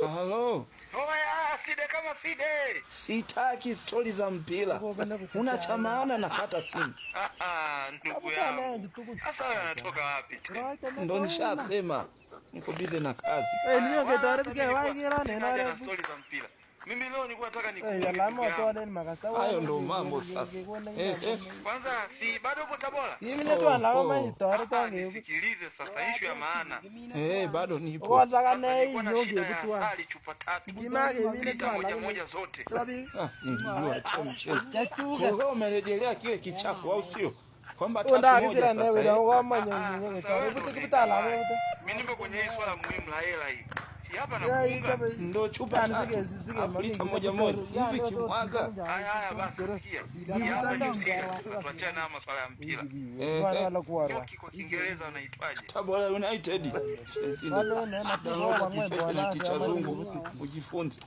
Halo. Oya, side kama side. Sitaki stori za mpira. Una cha maana na kata simu. Ndugu yangu. Sasa anatoka wapi? Ndio nishasema. Niko bize na kazi. Eh, niyo ke tarehe kwa wagira nena. Stori za mpira. Mimi leo nilikuwa nataka nikupe. Eh, Hayo ndo mambo sasa. Eh, eh. Kwanza si bado uko Tabora? Mimi oh, oh. ndio alama nitore tangu. Sikilize sasa issue ya maana. Eh, bado nipo. Kwanza kana hii yoge kitu hali chupa tatu. Kimage mimi ndio moja moja zote. Ah, nijua tu mchezo. Tatuga. Wewe umerejelea kile kichako au sio? Kwamba tatu moja ah, ah, Ndio kwenye swala muhimu la hela hii. Ndio chupa nzige nzige lita moja moja. Hivi yaani kimwaga. Haya haya basi. tuachane na masuala ya mpira. Eh, bwana eh. alokuwa. Kiingereza unaitwaje? Tabora United. kwa mwendo ujifunze.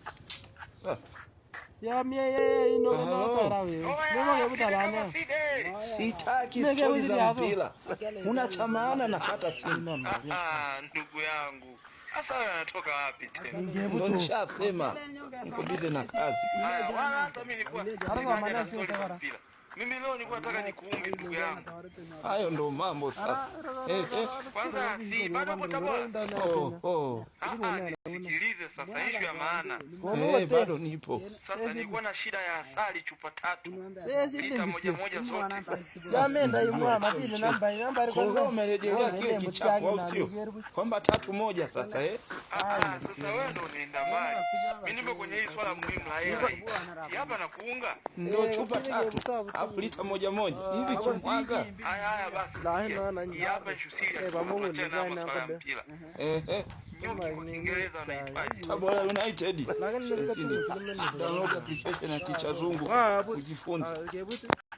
Sitaki stori za mpira. Una chamana na kata simu. Ah, ndugu yangu. Sasa anatoka wapi tena? na kazi. Wala hata mimi nilikuwa mimi leo nilikuwa nataka nikuunge ndugu yangu. Hayo ndo mambo sasa. Eh, eh. Kwanza si bado kwa Tabora. Oh, oh. Sikilize sasa issue ya maana. Eh, bado nipo. Sasa nilikuwa na shida ya asali chupa tatu. Eh, Lita moja moja zote. Jamani ndaimwa madini namba namba alikuwa leo umerejelea kile kichapo au sio? Kwamba tatu moja sasa eh. Ah, ah sasa wewe ndo unaenda mbali. Mimi niko kwenye hii swala muhimu la hela. Hapa nakuunga. Ndio eh, chupa tatu alafu lita moja moja ah, hivi kimwaga. Haya haya basi, hapa Mungu ni gani hapa? Eh eh, Tabora United. Download application ya Ticha Zungu ah, ujifunze. Ah,